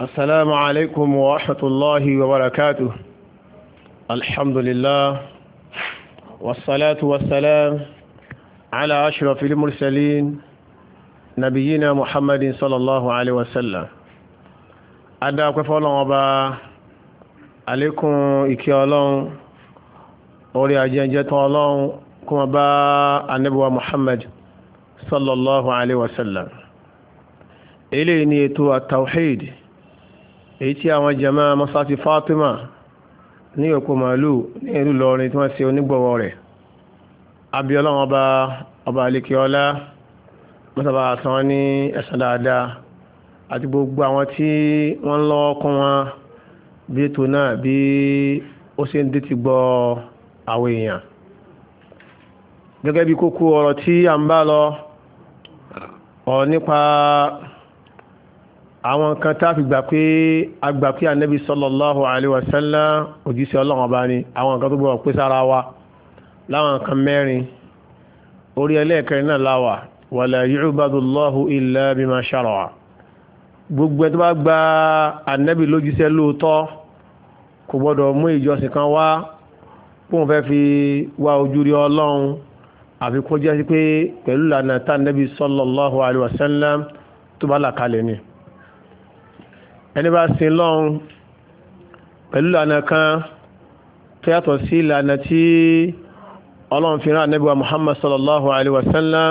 السلام عليكم ورحمة الله وبركاته الحمد لله والصلاة والسلام على أشرف المرسلين نبينا محمد صلى الله عليه وسلم أدعوك فالله أبا عليكم إكي الله أولي أجنجة الله كما با النبوة محمد صلى الله عليه وسلم إليني تو التوحيد èyí tí àwọn jama masati Fatima ní òkú màálù ní ìlú lọrin tí wọ́n ṣe onígbọ̀wọ́ rẹ̀ abiola wọn bá ọba alikiola mọ́tàbà àtàn ní ẹ̀sán dáadáa àti gbogbo àwọn tí wọ́n ń lọ́wọ́ kún wọn bí ètò náà bí ó ṣe ń dé ti gbọ́ àwọn èèyàn gẹ́gẹ́ bí kókó ọ̀rọ̀ tí à ń bá lọ ọ̀rọ̀ nípa àwọn kan tá fi gbà pé agbà pé anabi sallallahu alayhi wa sallam òjíṣẹ́ ọlọ́run ọba ni àwọn kan tó gbọ́ pé sára wa láwọn kan mẹ́rin orí ẹlẹ́ẹ̀kẹrin náà láwà wala yu'badullahu illa bima shara'a gbogbo ẹ̀ tó bá gba anabi lójíṣẹ́ lóòótọ́ kò gbọ́dọ̀ mú ìjọsìn kan wá kóun fẹ́ fi wá ojú rí ọlọ́run àfi kó jẹ́ sí pé pẹ̀lú lànà tá anabi sallallahu alayhi tó bá là ni ẹni bá sin lọ́run pẹ̀lú ìlànà kan tó yàtọ̀ sí ìlànà tí ọlọ́run fi rán ànábì wa muhammad sallallahu alaihi wasallam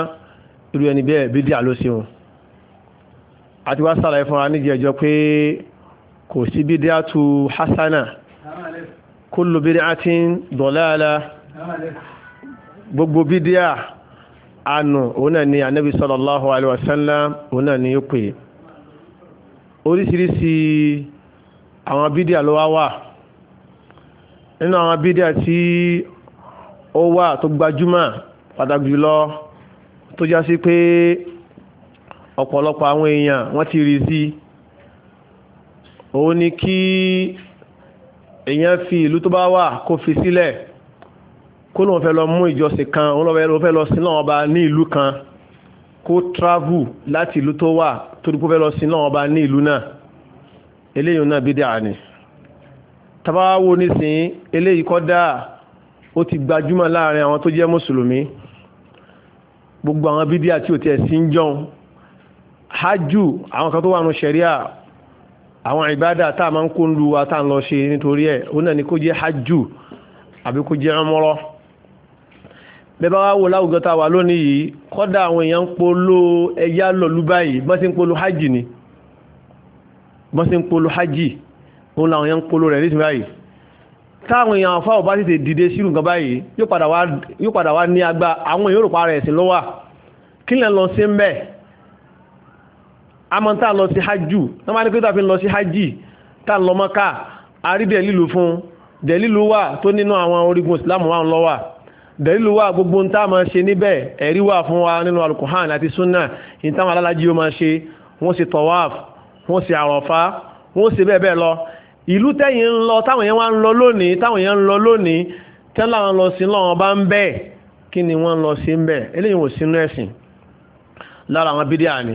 irú ẹni bẹ́ẹ̀ bídíà ló sí wọn àti wá sàlàyé fún wa níjẹ́ ẹjọ́ pé kò sí bídíà tu hasana kullu bid'atin dalala gbogbo bídíà àánú òun náà ni ànábì sallallahu alaihi wasallam òun náà ni ó pè é oríṣiríṣi àwọn bídíà ló wá wà nínú àwọn bídíà tí ó wà tó gbajúmọ̀ pàtàkì jùlọ tó já sí pé ọ̀pọ̀lọpọ̀ àwọn èèyàn wọ́n ti rí sí òun ni kí èèyàn fi ìlú tó bá wà kó fi sílẹ̀ kó lóun fẹ́ lọ mú ìjọsìn kan òun lọ́wọ́ fẹ́ lọ sí náà ọba ní ìlú kan kó travel láti ìlú tó wà torí pé fẹ́ lọ sí náà ọba ní ìlú náà eléyìí náà bí dáa ni tabawo nísìnyí eléyìí kọ́ dáa ó ti gbajúmọ̀ láàrin àwọn tó jẹ́ mùsùlùmí gbogbo àwọn bídíà tí ò tiẹ̀ sí ń jọun hajju àwọn kan tó wà nù ṣẹ̀ríà àwọn ìbádà tá a máa ń kó ń lu wa tá ń lọ ṣe nítorí ẹ̀ ó náà ni kó jẹ́ hajju àbí kó jẹ́ ọmọrọ́ bẹ́ẹ̀ bá wá wo láwùjọ tá wà lónìí yìí kọ́dà àwọn èèyàn ń polo ẹja lọ́lú báyìí bọ́n sì ń polo hajj ni bọ́n sì ń polo hajj òun làwọn èèyàn ń polo rẹ̀ nísìnyí báyìí táwọn èèyàn àfa ò bá tètè dìde sírù nǹkan báyìí yóò padà wá ní agbá àwọn èèyàn òrùpa rẹ̀ sí lọ́wọ́ kí lẹ́ lọ sí ń bẹ̀ àmọ́ tá a lọ sí hajj náà máa ní pé tá a fi lọ sí hajj tá a lọ mọ́ká àrídẹ̀ẹ́lì lò fún dẹ̀ẹ́lì ló wà tó nínú àwọn orígun ìsìlámù wa ń lọ dẹ̀lú wà gbogbo ń tá máa ṣe níbẹ̀ ẹ̀rí wà fún wa nínú alukuhan àti sunna ní táwọn alálàájí ó máa ṣe wọ́n ṣe tawaf wọ́n ṣe àrọ̀fá wọ́n ṣe bẹ́ẹ̀ bẹ́ẹ̀ lọ ìlú tẹ́yìn ń lọ táwọn yẹn wá ń lọ lónìí táwọn yẹn ń lọ lónìí tẹ́lá wọn lọ sí lọ́wọ́n bá ń bẹ́ẹ̀ kí ni wọ́n lọ sí ń bẹ́ẹ̀ eléyìí wò sínú ẹ̀sìn lára àwọn bídíà ni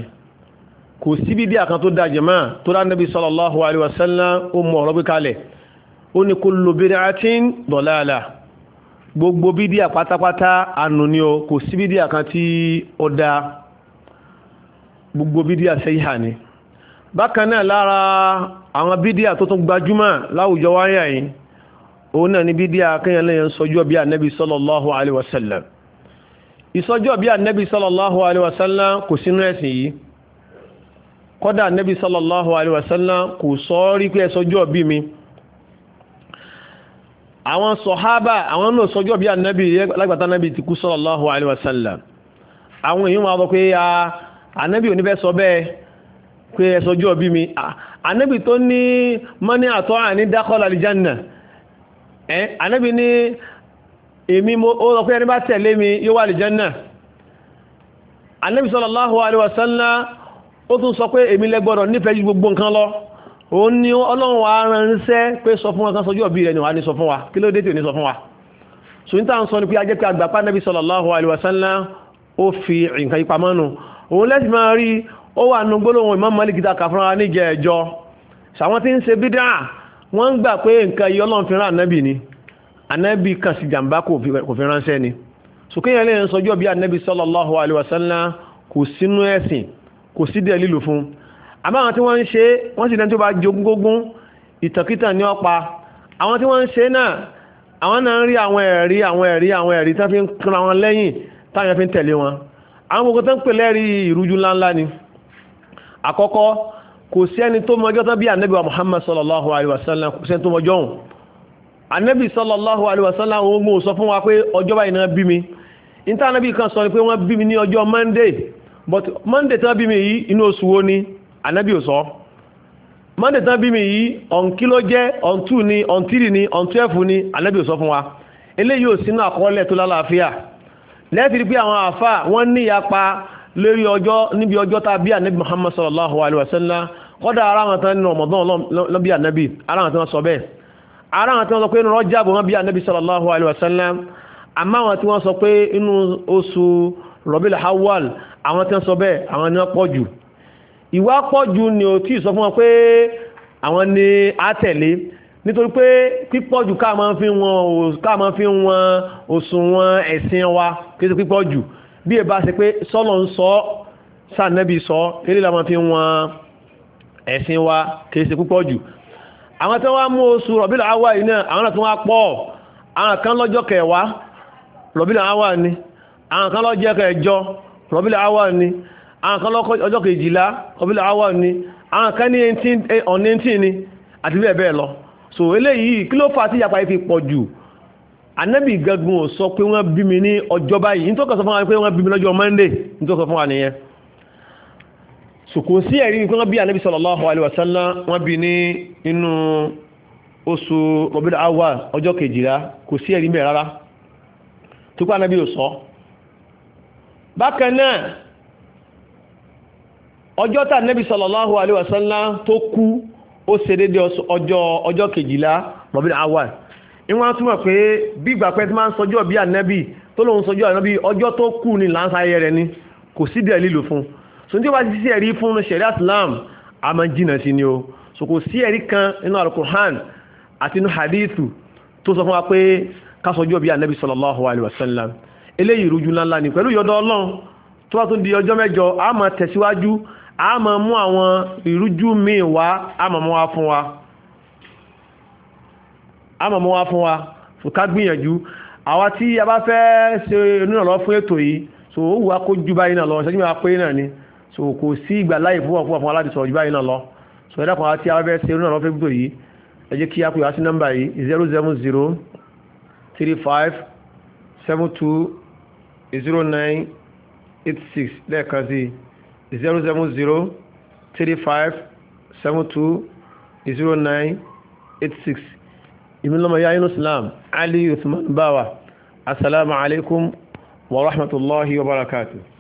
kò sí bídíà kan tó dájẹ̀ mọ́ tó dá Nábì sallallahu gbogbo bídíà pátápátá ànù ni o kò sí bídíà kan tí ó dáa gbogbo bídíà sẹ́yà ni bákan náà lára àwọn bídíà tó tún gbajúmọ̀ láwùjọ wáyà yìí òun náà ni bídíà kéèyàn lẹ́yìn sọjọ́ bí anabi sallallahu alayhi wa sallam ìsọjọ́ bí anabi sallallahu alayhi wa sallam kò sínú ẹ̀sìn yìí kódà anabi sallallahu alayhi wa sallam kò sọ ọ́ rí pé ẹ̀sọjọ́ bí mi àwọn sọ̀hábà àwọn náà sọjọ́ bí anábì lágbàtà anábì ti kú sallallahu alaihi wasallam àwọn èyí máa bọ́ pé anábì ò ní fẹ́ sọ bẹ́ẹ̀ pé ẹ sọjọ́ bí mi anábì tó ní mọ́ní àtọ́ àní dákọ́lá àlìjánà anábì ní èmi ó rọ pé ẹni bá tẹ̀lé mi yóò wà àlìjánà anábì sallallahu alaihi wasallam ó tún sọ pé èmi lẹ́gbọ́dọ̀ nífẹ̀ẹ́ ju gbogbo nǹkan lọ ó ní ọlọ́run wa ránṣẹ́ pé sọ fún wa kan sọjú ọ̀bí rẹ̀ ni wà ní sọ fún wa kí ló dé tí ò ní sọ fún wa so níta ń sọ ni pé ajẹ́ pé àgbàpá nàbí sallallahu alaihi wasallam ó fi nǹkan ipa mọ́nu òun lẹ́sìn máa rí ó wà nù gbólóhùn Imam Malik ta kà fúnra níjẹ ẹjọ́ sàwọn tí ń ṣe bídà wọ́n ń gbà pé nǹkan yìí ọlọ́run fi rán ànábì ni ànábì kan sì jàǹbá kò fi ránṣẹ́ ni so kéèyàn lè sọjú ọ̀bí ànábì sallallahu alaihi kò sínú ẹ̀sìn kò sí dẹ̀ lílù fún un àmọ́ àwọn tí wọ́n ń ṣe wọ́n sì lẹ́ni tó bá jogúngógún ìtànkítàn ní ọ̀pá àwọn tí wọ́n ń ṣe náà àwọn náà ń rí àwọn ẹ̀rí àwọn ẹ̀rí àwọn ẹ̀rí tán fi ń kra wọn lẹ́yìn táwọn fi ń tẹ̀lé wọn àwọn gbogbo tán pè lẹ́rí ìrújú ńláńlá ni àkọ́kọ́ kò sí ẹni tó mọjọ́ tán bí ànábì Muhammad sallallahu alayhi wa sallam kò sí ẹni tó mọjọ́ òun ànábì sallallahu alayhi wa sallam òun ò sọ fún wa pé ọjọ́ báyìí náà bí Monday but Monday tán bí mi yìí anábì ò sọ monday tán bí mi yìí ọ̀nkí ló jẹ́ ọ̀ntú ni ọ̀ntírì ni ọ̀ntúẹ̀fù ni anábì ò sọ fún wa eléyìí ò sínú àkọọ́lẹ̀ tó lálàáfíà lẹ́ẹ̀tì pé àwọn àfà wọ́n ní ìyapa lórí ọjọ́ níbi ọjọ́ tá a bí anábì muhammad sallallahu alayhi wa sallam kọ́dà ara àwọn tán nínú ọmọdún lọ́bí anábì ara àwọn tán sọ bẹ́ẹ̀ ara àwọn tí wọ́n sọ pé inú rọ́jàbù wọn bí anábì sallallahu alayhi wa sallam àmọ́ àwọn tí wọ́n sọ pé inú oṣù rọ̀bìlà hawal àwọn tí wọ́n sọ bẹ́ẹ̀ àwọn ni wọ́n pọ̀ jù ìwà pọ̀jù ni ò tí ì sọ fún wọn pé àwọn ni a tẹ̀lé nítorí pé pípọ̀jù ká máa fi wọn ká máa fi wọn òṣùwọ̀n ẹ̀sìn wa kí ṣe pípọ̀jù bí ẹ bá pé sọ́lọ̀ ń sọ sànẹ́bí sọ eré la máa fi wọn ẹ̀sìn wa kì í ṣe púpọ̀ jù àwọn tí wọ́n mú oṣù rọ̀bílà àwà yìí náà àwọn tí wọ́n pọ̀ àwọn kan lọ́jọ́ kẹwàá rọ̀bílà àwà ni àwọn kan lọ́jọ́ kẹjọ rọ̀bílà àwà ni àwọn kan lọ́kọ́ ọjọ́ kejìlá kọbílà awọ́ ni àwọn kan ní eh, on 19 ni àti bẹ́ẹ̀ bẹ́ẹ̀ lọ so eléyìí kí ló fà á tí ìyapa yìí fi pọ̀ jù ànábì gangan ò sọ pé wọ́n bí mi ní ọjọ́ báyìí nítorí kan sọ fún wa pé wọ́n bí mi lọ́jọ́ monday nítorí kan fún wa nìyẹn so kò sí ẹ̀rí pé wọ́n bí ànábì sallallahu alaihi wasallam wọ́n bí ní inú oṣù rọ̀bílà awọ́ ọjọ́ kejìlá kò sí ẹ̀rí mẹ́ rárá tó pé ànábì ò sọ bákan náà ọjọ́ tà nẹ́bí sallallahu alaihi wasallam tó kú ó ṣe dédé ọjọ́ kejìlá rọ̀bí awal ìwọ́n túnmọ̀ pé bí ìgbà pẹ́ tí máa ń sọjọ́ bí ànẹ́bí tó lóun sọjọ́ ànẹ́bí ọjọ́ tó kú ní láńsáyẹ rẹ̀ ni kò sí dẹ̀ lílò fún so tí ó bá ti sí ẹ̀rí fún ṣẹ̀rí islam a máa jìnà sí ni o so kò sí ẹ̀rí kan nínú alukurhan àti inú hadithu tó sọ fún wa pé ká sọjọ́ bí ànẹ́bí sallallahu alaihi wasallam eléyìí rújú ńláńlá ni pẹ̀lú yọ̀dọ̀ ọlọ́run tó bá tún di ọjọ́ mẹ́jọ a máa tẹ̀síwájú a máa mú àwọn ìrújú míì wá a máa mú wá fún wa a máa mú wá fún wa ká gbìyànjú àwa tí a bá fẹ́ ṣe onírànlọ́ fún ètò yìí so ó wù wá kó ju báyìí náà lọ ṣẹ́jú mi wá pé náà ni so kò sí ìgbà láyè fún ọ̀pọ̀ àwọn aláàdì sọ̀rọ̀ ju báyìí náà lọ so ẹ̀dá kan àti abẹ́ ṣe onírànlọ́ fún ètò yìí ẹ jẹ́ kí a pè wá sí nọ́mbà yìí zero seven zero three five seven two zero nine eight six lẹ́ẹ̀kan sí i zero seven zero three five seven two zero nine eight six ìmìlọ́mọ yá inú islam ali usman bawa alaikum wa rahmatullahi wa barakatuh.